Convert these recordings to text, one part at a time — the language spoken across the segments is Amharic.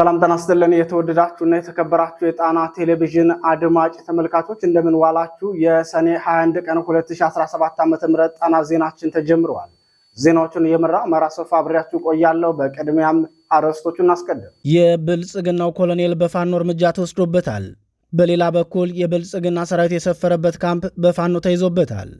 ሰላም ጤና ይስጥልን። የተወደዳችሁና የተከበራችሁ የጣና ቴሌቪዥን አድማጭ ተመልካቾች እንደምን ዋላችሁ? የሰኔ 21 ቀን 2017 ዓ.ም ጣና ዜናችን ተጀምረዋል። ዜናዎቹን እየመራ መራ ሰፋ አብሬያችሁ ቆያለሁ። በቅድሚያም አርዕስቶቹን እናስቀድም። የብልጽግናው ኮሎኔል በፋኖ እርምጃ ተወስዶበታል። በሌላ በኩል የብልጽግና ሰራዊት የሰፈረበት ካምፕ በፋኖ ተይዞበታል።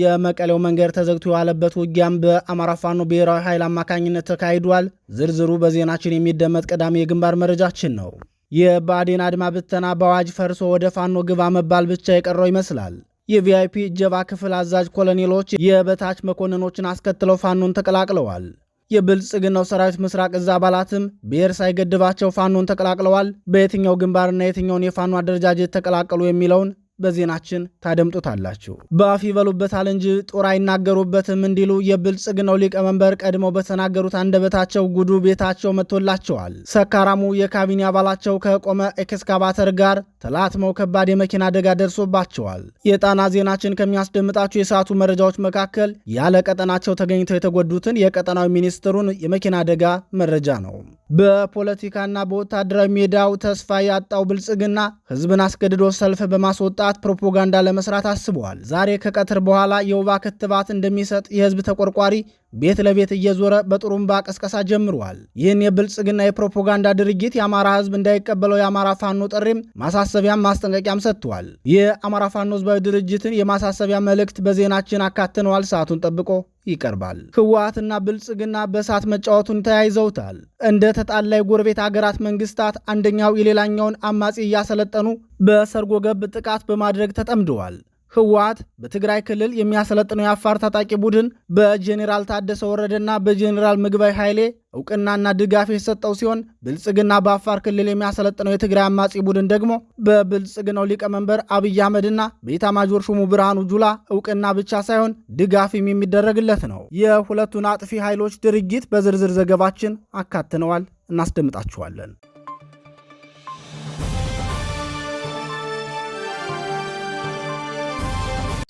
የመቀሌው መንገድ ተዘግቶ የዋለበት ውጊያም በአማራ ፋኖ ብሔራዊ ኃይል አማካኝነት ተካሂዷል። ዝርዝሩ በዜናችን የሚደመጥ ቀዳሚ የግንባር መረጃችን ነው። የባዴን አድማ ብተና በአዋጅ ፈርሶ ወደ ፋኖ ግባ መባል ብቻ የቀረው ይመስላል። የቪአይፒ እጀባ ክፍል አዛዥ ኮሎኔሎች የበታች መኮንኖችን አስከትለው ፋኖን ተቀላቅለዋል። የብልጽግናው ሰራዊት ምስራቅ እዝ አባላትም ብሔር ሳይገድባቸው ፋኖን ተቀላቅለዋል። በየትኛው ግንባርና የትኛውን የፋኖ አደረጃጀት ተቀላቀሉ የሚለውን በዜናችን ታደምጡታላችሁ። በአፍ ይበሉበታል እንጂ ጦር አይናገሩበትም እንዲሉ የብልጽግናው ሊቀመንበር ቀድመው በተናገሩት አንደበታቸው ጉዱ ቤታቸው መጥቶላቸዋል። ሰካራሙ የካቢኔ አባላቸው ከቆመ ኤክስካቫተር ጋር ተላትመው ከባድ የመኪና አደጋ ደርሶባቸዋል። የጣና ዜናችን ከሚያስደምጣቸው የሰዓቱ መረጃዎች መካከል ያለ ቀጠናቸው ተገኝተው የተጎዱትን የቀጠናዊ ሚኒስትሩን የመኪና አደጋ መረጃ ነው። በፖለቲካና በወታደራዊ ሜዳው ተስፋ ያጣው ብልጽግና ህዝብን አስገድዶ ሰልፍ በማስወጣት የጥላት ፕሮፓጋንዳ ለመስራት አስበዋል። ዛሬ ከቀትር በኋላ የወባ ክትባት እንደሚሰጥ የህዝብ ተቆርቋሪ ቤት ለቤት እየዞረ በጥሩምባ ቀስቀሳ ጀምረዋል። ይህን የብልጽግና የፕሮፓጋንዳ ድርጊት የአማራ ህዝብ እንዳይቀበለው የአማራ ፋኖ ጥሪም ማሳሰቢያም ማስጠንቀቂያም ሰጥቷል። ይህ አማራ ፋኖ ህዝባዊ ድርጅትን የማሳሰቢያ መልእክት በዜናችን አካትነዋል። ሰዓቱን ጠብቆ ይቀርባል። ህወሓትና ብልጽግና በእሳት መጫወቱን ተያይዘውታል። እንደ ተጣላይ ጎረቤት አገራት መንግስታት አንደኛው የሌላኛውን አማጺ እያሰለጠኑ በሰርጎ ገብ ጥቃት በማድረግ ተጠምደዋል። ህወሓት በትግራይ ክልል የሚያሰለጥነው የአፋር ታጣቂ ቡድን በጄኔራል ታደሰ ወረደና በጄኔራል ምግባይ ኃይሌ እውቅናና ድጋፍ የሰጠው ሲሆን ብልጽግና በአፋር ክልል የሚያሰለጥነው የትግራይ አማጺ ቡድን ደግሞ በብልጽግናው ሊቀመንበር አብይ አህመድና በኢታማጆር ሹሙ ብርሃኑ ጁላ እውቅና ብቻ ሳይሆን ድጋፍም የሚደረግለት ነው። የሁለቱን አጥፊ ኃይሎች ድርጊት በዝርዝር ዘገባችን አካትነዋል፣ እናስደምጣችኋለን።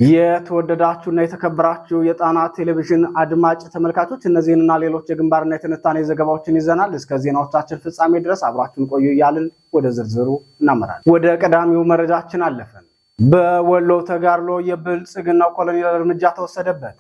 እና የተከበራችሁ የጣና ቴሌቪዥን አድማጭ ተመልካቾች እነዚህንና ሌሎች የግንባርና የትንታኔ ዘገባዎችን ይዘናል። እስከ ዜናዎቻችን ፍጻሜ ድረስ አብራችሁን ቆዩ እያልን ወደ ዝርዝሩ እናመራለን። ወደ ቀዳሚው መረጃችን አለፈን። በወሎ ተጋድሎ የብልጽግናው ኮሎኔል እርምጃ ተወሰደበት።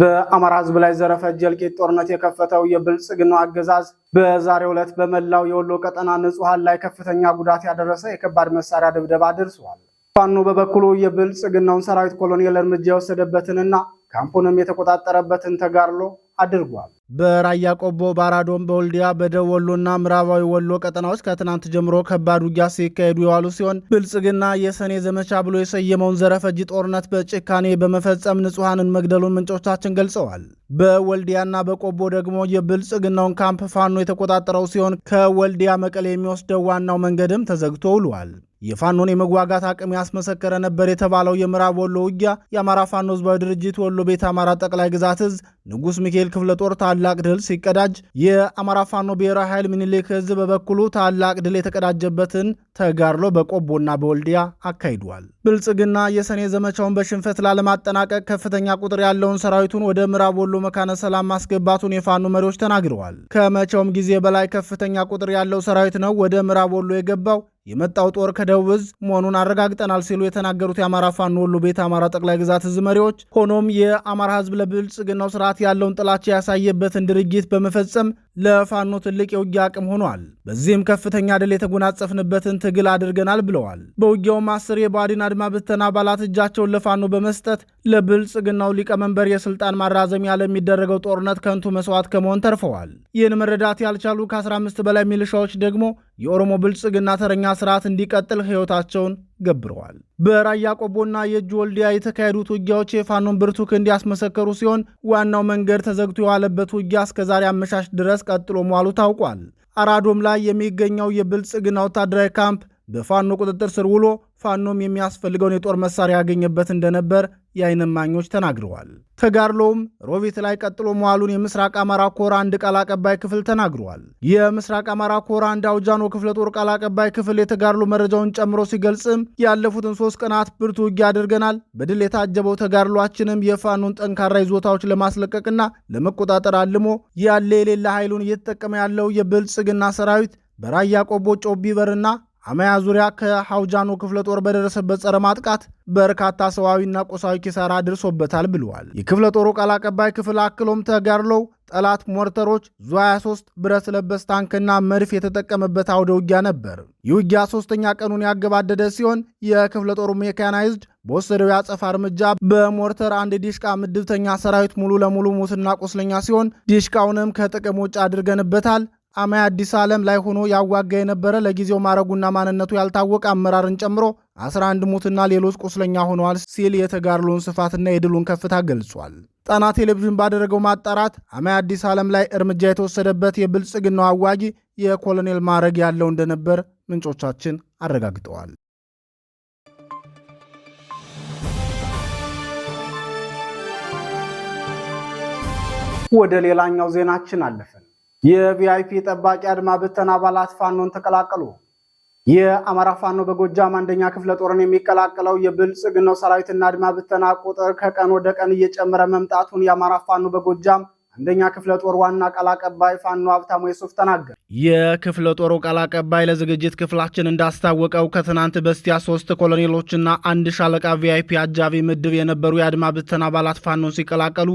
በአማራ ሕዝብ ላይ ዘረፈጅ እልቂት ጦርነት የከፈተው የብልጽግናው አገዛዝ በዛሬው ዕለት በመላው የወሎ ቀጠና ንጹሐን ላይ ከፍተኛ ጉዳት ያደረሰ የከባድ መሳሪያ ድብደባ ደርሷል። ፋኖ በበኩሉ የብልጽግናውን ሰራዊት ኮሎኔል እርምጃ የወሰደበትንና ካምፑንም የተቆጣጠረበትን ተጋድሎ አድርጓል። በራያ ቆቦ፣ ባራዶን፣ በወልዲያ፣ በደቡብ ወሎና ምዕራባዊ ወሎ ቀጠናዎች ከትናንት ጀምሮ ከባድ ውጊያ ሲካሄዱ የዋሉ ሲሆን ብልጽግና የሰኔ ዘመቻ ብሎ የሰየመውን ዘረፈጅ ጦርነት በጭካኔ በመፈጸም ንጹሐንን መግደሉን ምንጮቻችን ገልጸዋል። በወልዲያና በቆቦ ደግሞ የብልጽግናውን ካምፕ ፋኖ የተቆጣጠረው ሲሆን ከወልዲያ መቀሌ የሚወስደው ዋናው መንገድም ተዘግቶ ውሏል። የፋኖን የመዋጋት አቅም ያስመሰከረ ነበር የተባለው የምዕራብ ወሎ ውጊያ የአማራ ፋኖ ህዝባዊ ድርጅት ወሎ ቤት አማራ ጠቅላይ ግዛት እዝ ንጉስ ሚካኤል ክፍለ ጦር ታላቅ ድል ሲቀዳጅ፣ የአማራ ፋኖ ብሔራዊ ኃይል ምኒልክ እዝ በበኩሉ ታላቅ ድል የተቀዳጀበትን ተጋድሎ በቆቦና በወልዲያ አካሂዷል። ብልጽግና የሰኔ ዘመቻውን በሽንፈት ላለማጠናቀቅ ከፍተኛ ቁጥር ያለውን ሰራዊቱን ወደ ምዕራብ ወሎ መካነ ሰላም ማስገባቱን የፋኖ መሪዎች ተናግረዋል። ከመቼውም ጊዜ በላይ ከፍተኛ ቁጥር ያለው ሰራዊት ነው ወደ ምዕራብ ወሎ የገባው የመጣው ጦር ከደቡብ እዝ መሆኑን አረጋግጠናል ሲሉ የተናገሩት የአማራ ፋኖ ወሎ ቤት አማራ ጠቅላይ ግዛት እዝ መሪዎች፣ ሆኖም የአማራ ህዝብ ለብልጽግናው ስርዓት ያለውን ጥላቻ ያሳየበትን ድርጊት በመፈጸም ለፋኖ ትልቅ የውጊያ አቅም ሆኗል። በዚህም ከፍተኛ ድል የተጎናጸፍንበትን ትግል አድርገናል ብለዋል። በውጊያውም አስር የባዲን አድማ ብተና አባላት እጃቸውን ለፋኖ በመስጠት ለብልጽግናው ሊቀመንበር የስልጣን ማራዘሚያ ለሚደረገው ጦርነት ከንቱ መስዋዕት ከመሆን ተርፈዋል። ይህን መረዳት ያልቻሉ ከ15 በላይ ሚልሻዎች ደግሞ የኦሮሞ ብልጽግና ተረኛ ስርዓት እንዲቀጥል ሕይወታቸውን ገብረዋል። በራያ ቆቦና የእጅ ወልዲያ የተካሄዱት ውጊያዎች የፋኖን ብርቱ ክንድ ያስመሰከሩ ሲሆን ዋናው መንገድ ተዘግቶ የዋለበት ውጊያ እስከዛሬ አመሻሽ ድረስ ቀጥሎ መዋሉ ታውቋል። አራዶም ላይ የሚገኘው የብልጽግና ወታደራዊ ካምፕ በፋኖ ቁጥጥር ስር ውሎ ፋኖም የሚያስፈልገውን የጦር መሳሪያ ያገኘበት እንደነበር የዓይን እማኞች ተናግረዋል። ተጋድሎውም ሮቢት ላይ ቀጥሎ መዋሉን የምስራቅ አማራ ኮር አንድ ቃል አቀባይ ክፍል ተናግረዋል። የምስራቅ አማራ ኮር አንድ አውጃኖ ክፍለ ጦር ቃል አቀባይ ክፍል የተጋድሎ መረጃውን ጨምሮ ሲገልጽም ያለፉትን ሶስት ቀናት ብርቱ ውጊ አድርገናል። በድል የታጀበው ተጋድሏችንም የፋኖን ጠንካራ ይዞታዎች ለማስለቀቅና ለመቆጣጠር አልሞ ያለ የሌለ ኃይሉን እየተጠቀመ ያለው የብልጽግና ሰራዊት በራያ ቆቦ ጮቢበርና አመያ ዙሪያ ከሐውጃኖ ክፍለ ጦር በደረሰበት ጸረ ማጥቃት በርካታ ሰዋዊና ቆሳዊ ኪሳራ ደርሶበታል ብለዋል። የክፍለ ጦሩ ቃል አቀባይ ክፍል አክሎም ተጋድሎው ጠላት ሞርተሮች፣ ዙ 23 ብረት ለበስ ታንክና መድፍ የተጠቀመበት አውደ ውጊያ ነበር። ይህ ውጊያ ሶስተኛ ቀኑን ያገባደደ ሲሆን የክፍለ ጦሩ ሜካናይዝድ በወሰደው የአጸፋ እርምጃ በሞርተር አንድ ዲሽቃ ምድብተኛ ሰራዊት ሙሉ ለሙሉ ሙትና ቆስለኛ ሲሆን ዲሽቃውንም ከጥቅም ውጭ አድርገንበታል። አማይ አዲስ ዓለም ላይ ሆኖ ያዋጋ የነበረ ለጊዜው ማረጉና ማንነቱ ያልታወቀ አመራርን ጨምሮ 11 ሙትና ሌሎች ቁስለኛ ሆነዋል ሲል የተጋድሎን ስፋትና የድሉን ከፍታ ገልጿል። ጣና ቴሌቪዥን ባደረገው ማጣራት አማይ አዲስ ዓለም ላይ እርምጃ የተወሰደበት የብልጽግናው አዋጊ የኮሎኔል ማዕረግ ያለው እንደነበር ምንጮቻችን አረጋግጠዋል። ወደ ሌላኛው ዜናችን አለፈ። የቪአይፒ ጠባቂ አድማ ብተና አባላት ፋኖን ተቀላቀሉ። የአማራ ፋኖ በጎጃም አንደኛ ክፍለ ጦርን የሚቀላቀለው የብልጽግናው ሰራዊትና አድማ ብተና ቁጥር ከቀን ወደ ቀን እየጨመረ መምጣቱን የአማራ ፋኖ በጎጃም አንደኛ ክፍለ ጦር ዋና ቃል አቀባይ ፋኖ ሀብታሙ የሱፍ ተናገር። የክፍለ ጦሩ ቃል አቀባይ ለዝግጅት ክፍላችን እንዳስታወቀው ከትናንት በስቲያ ሶስት ኮሎኔሎችና አንድ ሻለቃ ቪአይፒ አጃቢ ምድብ የነበሩ የአድማ ብተና አባላት ፋኖን ሲቀላቀሉ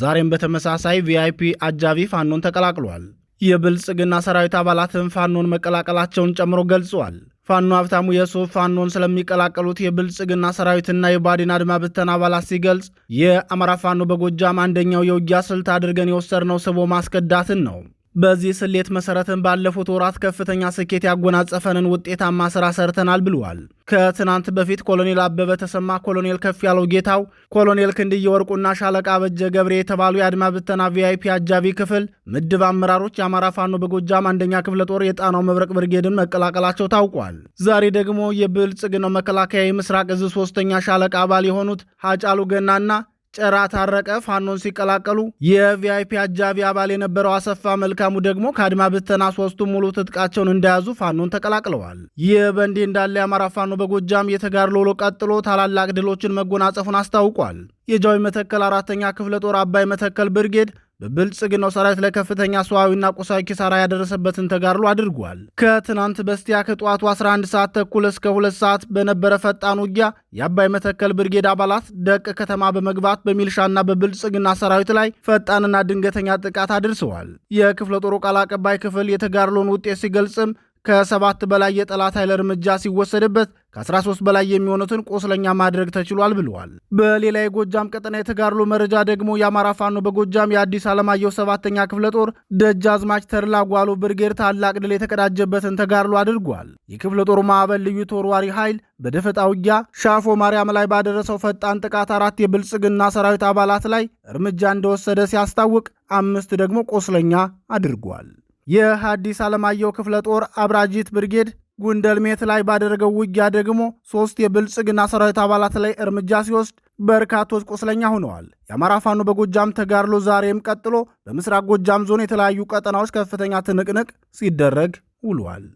ዛሬም በተመሳሳይ ቪአይፒ አጃቢ ፋኖን ተቀላቅሏል። የብልጽግና ሰራዊት አባላትም ፋኖን መቀላቀላቸውን ጨምሮ ገልጿል። ፋኖ ሀብታሙ የሱፍ ፋኖን ስለሚቀላቀሉት የብልጽግና ሰራዊትና የባዲን አድማ ብተን አባላት ሲገልጽ የአማራ ፋኖ በጎጃም አንደኛው የውጊያ ስልት አድርገን የወሰድነው ስቦ ማስከዳትን ነው በዚህ ስሌት መሰረትን ባለፉት ወራት ከፍተኛ ስኬት ያጎናጸፈንን ውጤታማ ስራ ሰርተናል ብለዋል። ከትናንት በፊት ኮሎኔል አበበ ተሰማ፣ ኮሎኔል ከፍ ያለው ጌታው፣ ኮሎኔል ክንድዬ ወርቁና ሻለቃ በጀ ገብሬ የተባሉ የአድማ ብተና ቪአይፒ አጃቢ ክፍል ምድብ አመራሮች የአማራ ፋኖ በጎጃም አንደኛ ክፍለ ጦር የጣናው መብረቅ ብርጌድን መቀላቀላቸው ታውቋል። ዛሬ ደግሞ የብልጽግናው መከላከያ የምስራቅ እዝ ሶስተኛ ሻለቃ አባል የሆኑት ሀጫሉ ገናና ጭራ ታረቀ ፋኖን ሲቀላቀሉ የቪአይፒ አጃቢ አባል የነበረው አሰፋ መልካሙ ደግሞ ከአድማ ብተና ሶስቱ ሙሉ ትጥቃቸውን እንደያዙ ፋኖን ተቀላቅለዋል። ይህ በእንዲህ እንዳለ የአማራ ፋኖ በጎጃም የተጋድሎ ውሎ ቀጥሎ ታላላቅ ድሎችን መጎናጸፉን አስታውቋል። የጃዊ መተከል አራተኛ ክፍለ ጦር አባይ መተከል ብርጌድ በብልጽግናው ሰራዊት ላይ ከፍተኛ ሰዋዊና ቁሳዊ ኪሳራ ያደረሰበትን ተጋድሎ አድርጓል። ከትናንት በስቲያ ከጠዋቱ 11 ሰዓት ተኩል እስከ ሁለት ሰዓት በነበረ ፈጣን ውጊያ የአባይ መተከል ብርጌድ አባላት ደቅ ከተማ በመግባት በሚልሻና በብልጽግና ሰራዊት ላይ ፈጣንና ድንገተኛ ጥቃት አድርሰዋል። የክፍለ ጦሩ ቃል አቀባይ ክፍል የተጋድሎን ውጤት ሲገልጽም ከሰባት በላይ የጠላት ኃይል እርምጃ ሲወሰድበት ከ13 በላይ የሚሆኑትን ቆስለኛ ማድረግ ተችሏል ብለዋል። በሌላ የጎጃም ቀጠና የተጋድሎ መረጃ ደግሞ የአማራ ፋኖ በጎጃም የአዲስ አለማየሁ ሰባተኛ ክፍለ ጦር ደጃዝማች ተድላ ጓሎ ብርጌድ ታላቅ ድል የተቀዳጀበትን ተጋድሎ አድርጓል። የክፍለ ጦሩ ማዕበል ልዩ ተወርዋሪ ኃይል በደፈጣ ውጊያ ሻፎ ማርያም ላይ ባደረሰው ፈጣን ጥቃት አራት የብልጽግና ሰራዊት አባላት ላይ እርምጃ እንደወሰደ ሲያስታውቅ፣ አምስት ደግሞ ቆስለኛ አድርጓል። የሐዲስ ዓለማየሁ ክፍለ ጦር አብራጂት ብርጌድ ጉንደልሜት ላይ ባደረገው ውጊያ ደግሞ ሶስት የብልጽግና ሰራዊት አባላት ላይ እርምጃ ሲወስድ በርካቶች ቁስለኛ ሆነዋል። የአማራ ፋኖ በጎጃም ተጋድሎ ዛሬም ቀጥሎ በምስራቅ ጎጃም ዞን የተለያዩ ቀጠናዎች ከፍተኛ ትንቅንቅ ሲደረግ ውሏል።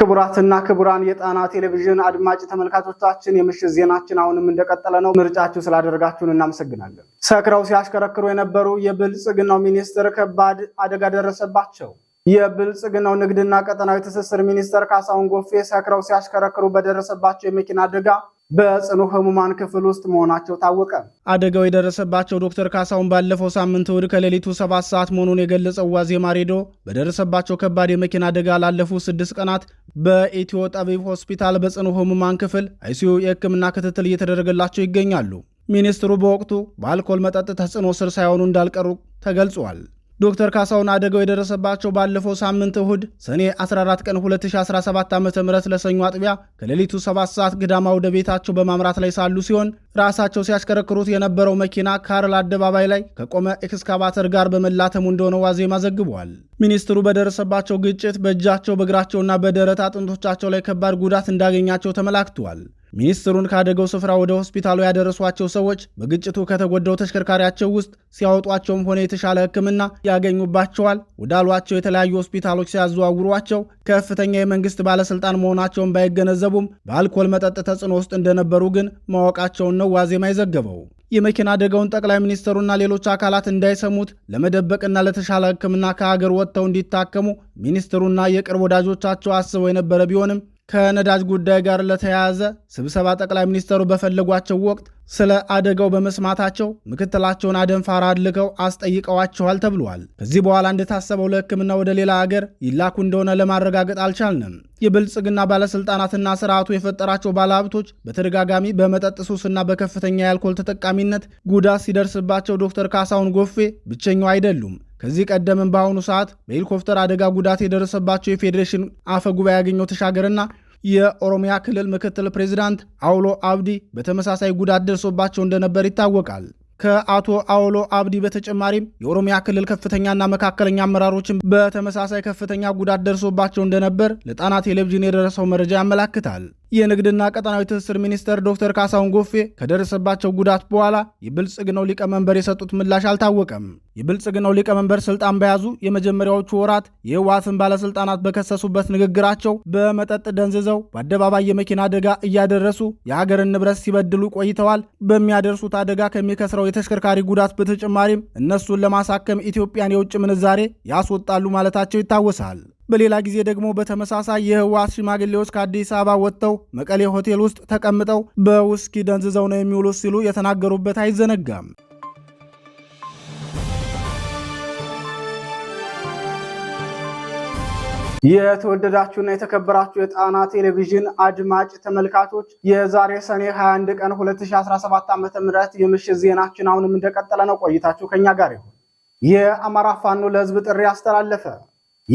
ክቡራትና ክቡራን የጣና ቴሌቪዥን አድማጭ ተመልካቾቻችን የምሽት ዜናችን አሁንም እንደቀጠለ ነው። ምርጫችሁ ስላደረጋችሁን እናመሰግናለን። ሰክረው ሲያሽከረክሩ የነበሩ የብልጽግናው ሚኒስትር ከባድ አደጋ ደረሰባቸው። የብልጽግናው ንግድና ቀጠናዊ ትስስር ሚኒስትር ካሳሁን ጎፌ ሰክረው ሲያሽከረክሩ በደረሰባቸው የመኪና አደጋ በጽኑ ህሙማን ክፍል ውስጥ መሆናቸው ታወቀ። አደጋው የደረሰባቸው ዶክተር ካሳሁን ባለፈው ሳምንት እሁድ ከሌሊቱ ሰባት ሰዓት መሆኑን የገለጸው ዋዜማ ሬዲዮ በደረሰባቸው ከባድ የመኪና አደጋ ላለፉ ስድስት ቀናት በኢትዮ ጠቢብ ሆስፒታል በጽኑ ህሙማን ክፍል አይሲዩ የህክምና ክትትል እየተደረገላቸው ይገኛሉ። ሚኒስትሩ በወቅቱ በአልኮል መጠጥ ተጽዕኖ ስር ሳይሆኑ እንዳልቀሩ ተገልጿል። ዶክተር ካሳሁን አደጋው የደረሰባቸው ባለፈው ሳምንት እሁድ ሰኔ 14 ቀን 2017 ዓ ም ለሰኞ አጥቢያ ከሌሊቱ 7 ሰዓት ግዳማ ወደ ቤታቸው በማምራት ላይ ሳሉ ሲሆን ራሳቸው ሲያሽከረክሩት የነበረው መኪና ካርል አደባባይ ላይ ከቆመ ኤክስካቫተር ጋር በመላተሙ እንደሆነ ዋዜማ ዘግቧል። ሚኒስትሩ በደረሰባቸው ግጭት በእጃቸው በእግራቸውና በደረት አጥንቶቻቸው ላይ ከባድ ጉዳት እንዳገኛቸው ተመላክቷል። ሚኒስትሩን ካደገው ስፍራ ወደ ሆስፒታሉ ያደረሷቸው ሰዎች በግጭቱ ከተጎዳው ተሽከርካሪያቸው ውስጥ ሲያወጧቸውም ሆነ የተሻለ ሕክምና ያገኙባቸዋል ወዳሏቸው የተለያዩ ሆስፒታሎች ሲያዘዋውሯቸው ከፍተኛ የመንግስት ባለስልጣን መሆናቸውን ባይገነዘቡም በአልኮል መጠጥ ተጽዕኖ ውስጥ እንደነበሩ ግን ማወቃቸውን ነው ዋዜማ የዘገበው። የመኪና አደጋውን ጠቅላይ ሚኒስትሩና ሌሎች አካላት እንዳይሰሙት ለመደበቅና ለተሻለ ሕክምና ከሀገር ወጥተው እንዲታከሙ ሚኒስትሩና የቅርብ ወዳጆቻቸው አስበው የነበረ ቢሆንም ከነዳጅ ጉዳይ ጋር ለተያያዘ ስብሰባ ጠቅላይ ሚኒስትሩ በፈለጓቸው ወቅት ስለ አደጋው በመስማታቸው ምክትላቸውን አደም ፋራ አድልከው አስጠይቀዋቸዋል ተብሏል። ከዚህ በኋላ እንደታሰበው ለሕክምና ወደ ሌላ አገር ይላኩ እንደሆነ ለማረጋገጥ አልቻልንም። የብልጽግና ባለስልጣናትና ስርዓቱ የፈጠራቸው ባለሀብቶች በተደጋጋሚ በመጠጥ ሱስና በከፍተኛ የአልኮል ተጠቃሚነት ጉዳት ሲደርስባቸው ዶክተር ካሳሁን ጎፌ ብቸኛው አይደሉም። ከዚህ ቀደምም በአሁኑ ሰዓት በሄሊኮፕተር አደጋ ጉዳት የደረሰባቸው የፌዴሬሽን አፈ ጉባኤ ያገኘው ተሻገርና የኦሮሚያ ክልል ምክትል ፕሬዚዳንት አውሎ አብዲ በተመሳሳይ ጉዳት ደርሶባቸው እንደነበር ይታወቃል። ከአቶ አውሎ አብዲ በተጨማሪም የኦሮሚያ ክልል ከፍተኛና መካከለኛ አመራሮችን በተመሳሳይ ከፍተኛ ጉዳት ደርሶባቸው እንደነበር ለጣና ቴሌቪዥን የደረሰው መረጃ ያመላክታል። የንግድና ቀጠናዊ ትስስር ሚኒስትር ዶክተር ካሳሁን ጎፌ ከደረሰባቸው ጉዳት በኋላ የብልጽግናው ሊቀመንበር የሰጡት ምላሽ አልታወቀም። የብልጽግናው ሊቀመንበር ስልጣን በያዙ የመጀመሪያዎቹ ወራት የህወሓትን ባለስልጣናት በከሰሱበት ንግግራቸው በመጠጥ ደንዝዘው በአደባባይ የመኪና አደጋ እያደረሱ የሀገርን ንብረት ሲበድሉ ቆይተዋል። በሚያደርሱት አደጋ ከሚከስረው የተሽከርካሪ ጉዳት በተጨማሪም እነሱን ለማሳከም ኢትዮጵያን የውጭ ምንዛሬ ያስወጣሉ ማለታቸው ይታወሳል። በሌላ ጊዜ ደግሞ በተመሳሳይ የህወሓት ሽማግሌዎች ከአዲስ አበባ ወጥተው መቀሌ ሆቴል ውስጥ ተቀምጠው በውስኪ ደንዝዘው ነው የሚውሉት ሲሉ የተናገሩበት አይዘነጋም። የተወደዳችሁና የተከበራችሁ የጣና ቴሌቪዥን አድማጭ ተመልካቾች የዛሬ ሰኔ 21 ቀን 2017 ም የምሽት ዜናችን አሁንም እንደቀጠለ ነው። ቆይታችሁ ከኛ ጋር ይሁን። የአማራ ፋኖ ለህዝብ ጥሪ አስተላለፈ።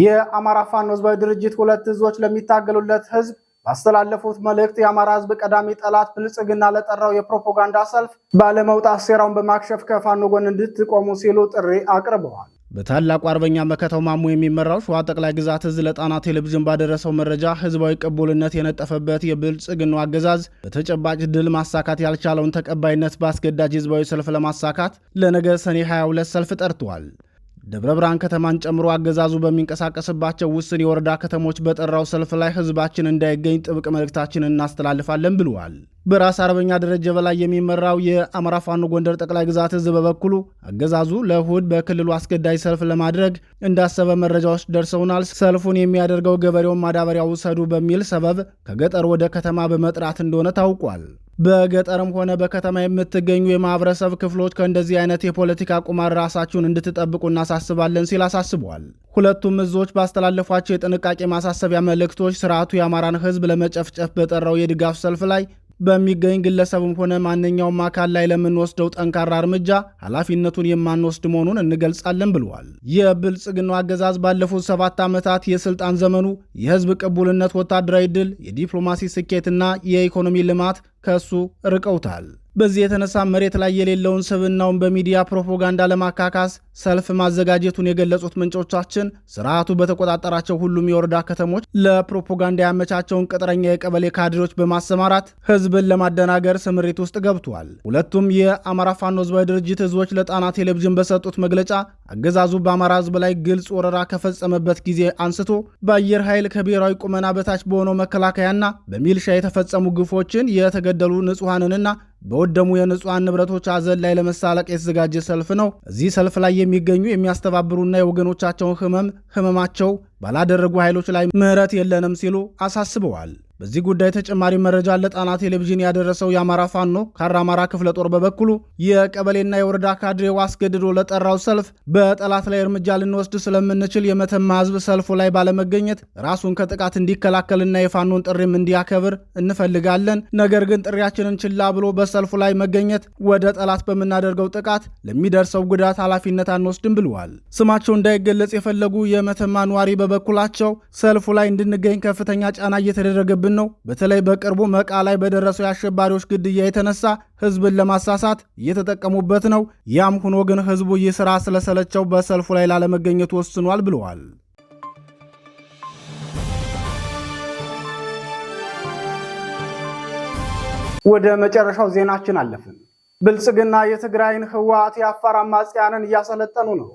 የአማራ ፋኖ ህዝባዊ ድርጅት ሁለት ህዝቦች ለሚታገሉለት ህዝብ ባስተላለፉት መልእክት የአማራ ህዝብ ቀዳሚ ጠላት ብልጽግና ለጠራው የፕሮፓጋንዳ ሰልፍ ባለመውጣት ሴራውን በማክሸፍ ከፋኖ ጎን እንድትቆሙ ሲሉ ጥሪ አቅርበዋል። በታላቁ አርበኛ መከተው ማሙ የሚመራው ሸዋ ጠቅላይ ግዛት እዝ ለጣና ቴሌቪዥን ባደረሰው መረጃ ህዝባዊ ቅቡልነት የነጠፈበት የብልጽግናው አገዛዝ በተጨባጭ ድል ማሳካት ያልቻለውን ተቀባይነት በአስገዳጅ ህዝባዊ ሰልፍ ለማሳካት ለነገ ሰኔ 22 ሰልፍ ጠርቷል። ደብረ ብርሃን ከተማን ጨምሮ አገዛዙ በሚንቀሳቀስባቸው ውስን የወረዳ ከተሞች በጠራው ሰልፍ ላይ ህዝባችን እንዳይገኝ ጥብቅ መልእክታችን እናስተላልፋለን ብለዋል። በራስ አርበኛ ደረጀ በላይ የሚመራው የአማራ ፋኖ ጎንደር ጠቅላይ ግዛት እዝ በበኩሉ አገዛዙ ለእሁድ በክልሉ አስገዳጅ ሰልፍ ለማድረግ እንዳሰበ መረጃዎች ደርሰውናል። ሰልፉን የሚያደርገው ገበሬውን ማዳበሪያ ውሰዱ በሚል ሰበብ ከገጠር ወደ ከተማ በመጥራት እንደሆነ ታውቋል። በገጠርም ሆነ በከተማ የምትገኙ የማህበረሰብ ክፍሎች ከእንደዚህ አይነት የፖለቲካ ቁማር ራሳችሁን እንድትጠብቁ እናሳስባለን ሲል አሳስቧል። ሁለቱም እዞች ባስተላለፏቸው የጥንቃቄ ማሳሰቢያ መልእክቶች ስርዓቱ የአማራን ህዝብ ለመጨፍጨፍ በጠራው የድጋፍ ሰልፍ ላይ በሚገኝ ግለሰብም ሆነ ማንኛውም አካል ላይ ለምንወስደው ጠንካራ እርምጃ ኃላፊነቱን የማንወስድ መሆኑን እንገልጻለን ብለዋል። የብልጽግናው አገዛዝ ባለፉት ሰባት ዓመታት የስልጣን ዘመኑ የህዝብ ቅቡልነት፣ ወታደራዊ ድል፣ የዲፕሎማሲ ስኬትና የኢኮኖሚ ልማት ከሱ ርቀውታል። በዚህ የተነሳ መሬት ላይ የሌለውን ስብናውን በሚዲያ ፕሮፓጋንዳ ለማካካስ ሰልፍ ማዘጋጀቱን የገለጹት ምንጮቻችን ስርዓቱ በተቆጣጠራቸው ሁሉም የወረዳ ከተሞች ለፕሮፓጋንዳ ያመቻቸውን ቅጥረኛ የቀበሌ ካድሬዎች በማሰማራት ህዝብን ለማደናገር ስምሪት ውስጥ ገብቷል። ሁለቱም የአማራ ፋኖ ህዝባዊ ድርጅት ህዝቦች ለጣና ቴሌቪዥን በሰጡት መግለጫ አገዛዙ በአማራ ህዝብ ላይ ግልጽ ወረራ ከፈጸመበት ጊዜ አንስቶ በአየር ኃይል ከብሔራዊ ቁመና በታች በሆነው መከላከያና በሚልሻ የተፈጸሙ ግፎችን የተገደሉ ንጹሐንንና በወደሙ የንጹሐን ንብረቶች አዘን ላይ ለመሳለቅ የተዘጋጀ ሰልፍ ነው። እዚህ ሰልፍ ላይ የሚገኙ የሚያስተባብሩና የወገኖቻቸውን ህመም ህመማቸው ባላደረጉ ኃይሎች ላይ ምህረት የለንም ሲሉ አሳስበዋል። በዚህ ጉዳይ ተጨማሪ መረጃ ለጣና ቴሌቪዥን ያደረሰው የአማራ ፋኖ ካራማራ ክፍለ ጦር በበኩሉ የቀበሌና የወረዳ ካድሬው አስገድዶ ለጠራው ሰልፍ በጠላት ላይ እርምጃ ልንወስድ ስለምንችል የመተማ ህዝብ ሰልፉ ላይ ባለመገኘት ራሱን ከጥቃት እንዲከላከልና የፋኖን ጥሪም እንዲያከብር እንፈልጋለን። ነገር ግን ጥሪያችንን ችላ ብሎ በሰልፉ ላይ መገኘት ወደ ጠላት በምናደርገው ጥቃት ለሚደርሰው ጉዳት ኃላፊነት አንወስድም ብለዋል። ስማቸው እንዳይገለጽ የፈለጉ የመተማ ነዋሪ በበኩላቸው ሰልፉ ላይ እንድንገኝ ከፍተኛ ጫና እየተደረገ እየደረሰብን ነው። በተለይ በቅርቡ መቃ ላይ በደረሰው የአሸባሪዎች ግድያ የተነሳ ህዝብን ለማሳሳት እየተጠቀሙበት ነው። ያም ሆኖ ግን ህዝቡ ይህ ስራ ስለሰለቸው በሰልፉ ላይ ላለመገኘት ወስኗል ብለዋል። ወደ መጨረሻው ዜናችን አለፍን። ብልጽግና የትግራይን ህወሓት የአፋር አማጽያንን እያሰለጠኑ ነው።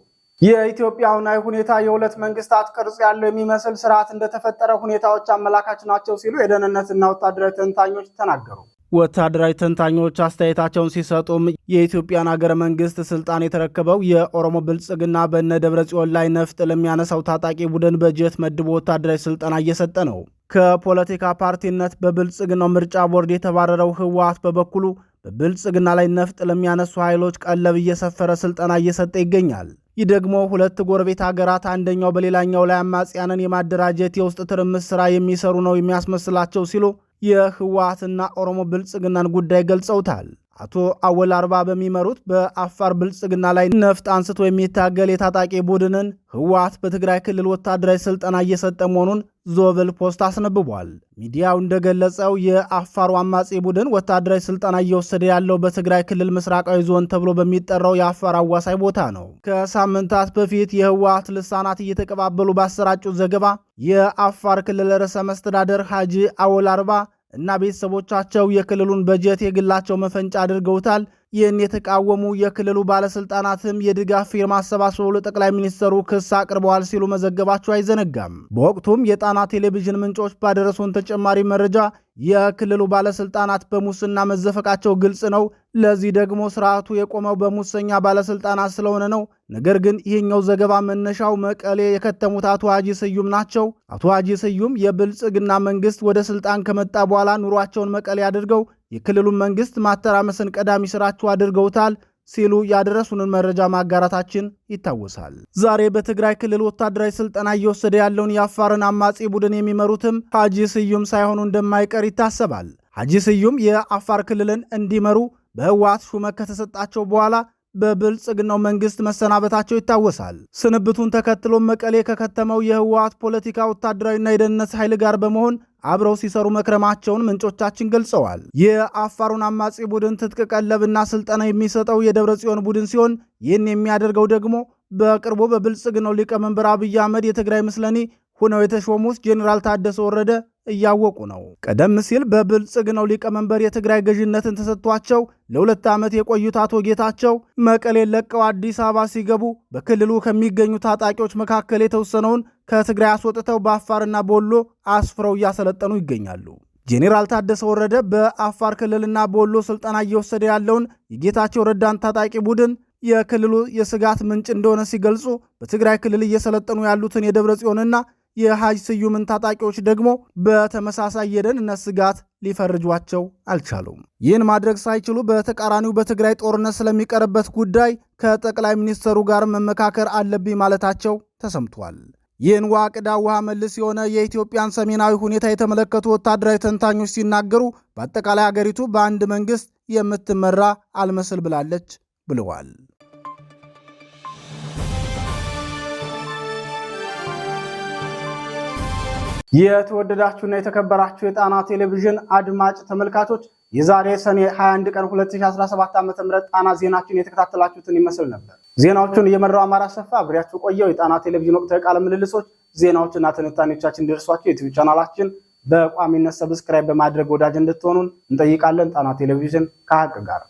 የኢትዮጵያ ሁኔታ የሁለት መንግስታት ቅርጽ ያለው የሚመስል ስርዓት እንደተፈጠረ ሁኔታዎች አመላካች ናቸው ሲሉ የደህንነትና ወታደራዊ ተንታኞች ተናገሩ። ወታደራዊ ተንታኞች አስተያየታቸውን ሲሰጡም የኢትዮጵያን ሀገረ መንግስት ስልጣን የተረከበው የኦሮሞ ብልጽግና በነ ደብረ ጽዮን ላይ ነፍጥ ለሚያነሳው ታጣቂ ቡድን በጀት መድቦ ወታደራዊ ስልጠና እየሰጠ ነው። ከፖለቲካ ፓርቲነት በብልጽግናው ምርጫ ቦርድ የተባረረው ህወሓት በበኩሉ በብልጽግና ላይ ነፍጥ ለሚያነሱ ኃይሎች ቀለብ እየሰፈረ ስልጠና እየሰጠ ይገኛል። ይህ ደግሞ ሁለት ጎረቤት ሀገራት አንደኛው በሌላኛው ላይ አማጽያንን የማደራጀት የውስጥ ትርምስ ስራ የሚሰሩ ነው የሚያስመስላቸው ሲሉ የህወሓትና ኦሮሞ ብልጽግናን ጉዳይ ገልጸውታል። አቶ አወል አርባ በሚመሩት በአፋር ብልጽግና ላይ ነፍጥ አንስቶ የሚታገል የታጣቂ ቡድንን ህወሓት በትግራይ ክልል ወታደራዊ ስልጠና እየሰጠ መሆኑን ዞቨል ፖስት አስነብቧል። ሚዲያው እንደገለጸው የአፋሩ አማጺ ቡድን ወታደራዊ ስልጠና እየወሰደ ያለው በትግራይ ክልል ምስራቃዊ ዞን ተብሎ በሚጠራው የአፋር አዋሳኝ ቦታ ነው። ከሳምንታት በፊት የህወሓት ልሳናት እየተቀባበሉ ባሰራጩት ዘገባ የአፋር ክልል ርዕሰ መስተዳደር ሐጂ አወል አርባ እና ቤተሰቦቻቸው የክልሉን በጀት የግላቸው መፈንጫ አድርገውታል። ይህን የተቃወሙ የክልሉ ባለስልጣናትም የድጋፍ ፊርማ አሰባስበው ለጠቅላይ ሚኒስትሩ ክስ አቅርበዋል ሲሉ መዘገባቸው አይዘነጋም። በወቅቱም የጣና ቴሌቪዥን ምንጮች ባደረሱን ተጨማሪ መረጃ የክልሉ ባለስልጣናት በሙስና መዘፈቃቸው ግልጽ ነው። ለዚህ ደግሞ ስርዓቱ የቆመው በሙሰኛ ባለስልጣናት ስለሆነ ነው። ነገር ግን ይህኛው ዘገባ መነሻው መቀሌ የከተሙት አቶ ሀጂ ስዩም ናቸው። አቶ ሀጂ ስዩም የብልጽግና መንግስት ወደ ስልጣን ከመጣ በኋላ ኑሯቸውን መቀሌ አድርገው የክልሉን መንግስት ማተራመስን ቀዳሚ ስራቸው አድርገውታል። ሲሉ ያደረሱንን መረጃ ማጋራታችን ይታወሳል። ዛሬ በትግራይ ክልል ወታደራዊ ስልጠና እየወሰደ ያለውን የአፋርን አማጺ ቡድን የሚመሩትም ሐጂ ስዩም ሳይሆኑ እንደማይቀር ይታሰባል። ሐጂ ስዩም የአፋር ክልልን እንዲመሩ በህወሓት ሹመት ከተሰጣቸው በኋላ በብልጽግናው መንግስት መሰናበታቸው ይታወሳል። ስንብቱን ተከትሎ መቀሌ ከከተመው የህወሓት ፖለቲካ ወታደራዊና የደህንነት ኃይል ጋር በመሆን አብረው ሲሰሩ መክረማቸውን ምንጮቻችን ገልጸዋል። የአፋሩን አማጺ ቡድን ትጥቅ ቀለብና ስልጠና የሚሰጠው የደብረ ጽዮን ቡድን ሲሆን ይህን የሚያደርገው ደግሞ በቅርቡ በብልጽግናው ሊቀመንበር አብይ አህመድ የትግራይ ምስለኔ ሆነው የተሾሙት ጄኔራል ታደሰ ወረደ እያወቁ ነው። ቀደም ሲል በብልጽግናው ሊቀመንበር የትግራይ ገዥነትን ተሰጥቷቸው ለሁለት ዓመት የቆዩት አቶ ጌታቸው መቀሌን ለቀው አዲስ አበባ ሲገቡ በክልሉ ከሚገኙ ታጣቂዎች መካከል የተወሰነውን ከትግራይ አስወጥተው በአፋርና በወሎ አስፍረው እያሰለጠኑ ይገኛሉ። ጄኔራል ታደሰ ወረደ በአፋር ክልልና በወሎ ስልጠና እየወሰደ ያለውን የጌታቸው ረዳን ታጣቂ ቡድን የክልሉ የስጋት ምንጭ እንደሆነ ሲገልጹ በትግራይ ክልል እየሰለጠኑ ያሉትን የደብረ ጽዮንና የሐጅ ስዩምን ታጣቂዎች ደግሞ በተመሳሳይ የደህንነት ስጋት ሊፈርጇቸው አልቻሉም። ይህን ማድረግ ሳይችሉ በተቃራኒው በትግራይ ጦርነት ስለሚቀርበት ጉዳይ ከጠቅላይ ሚኒስትሩ ጋር መመካከር አለብኝ ማለታቸው ተሰምቷል። ይህን ዋቅዳ ውሃ መልስ የሆነ የኢትዮጵያን ሰሜናዊ ሁኔታ የተመለከቱ ወታደራዊ ተንታኞች ሲናገሩ በአጠቃላይ አገሪቱ በአንድ መንግስት የምትመራ አልመስል ብላለች ብለዋል። የተወደዳችሁና የተከበራችሁ የጣና ቴሌቪዥን አድማጭ ተመልካቾች የዛሬ ሰኔ 21 ቀን 2017 ዓ.ም ጣና ዜናችን የተከታተላችሁትን ይመስል ነበር። ዜናዎቹን እየመራው አማራ ሰፋ አብሬያችሁ ቆየው። የጣና ቴሌቪዥን ወቅታዊ ቃለ ምልልሶች፣ ዜናዎችና ትንታኔዎቻችን ደርሷቸው የዩቲዩብ ቻናላችን በቋሚነት ሰብስክራይብ በማድረግ ወዳጅ እንድትሆኑን እንጠይቃለን። ጣና ቴሌቪዥን ከሀቅ ጋር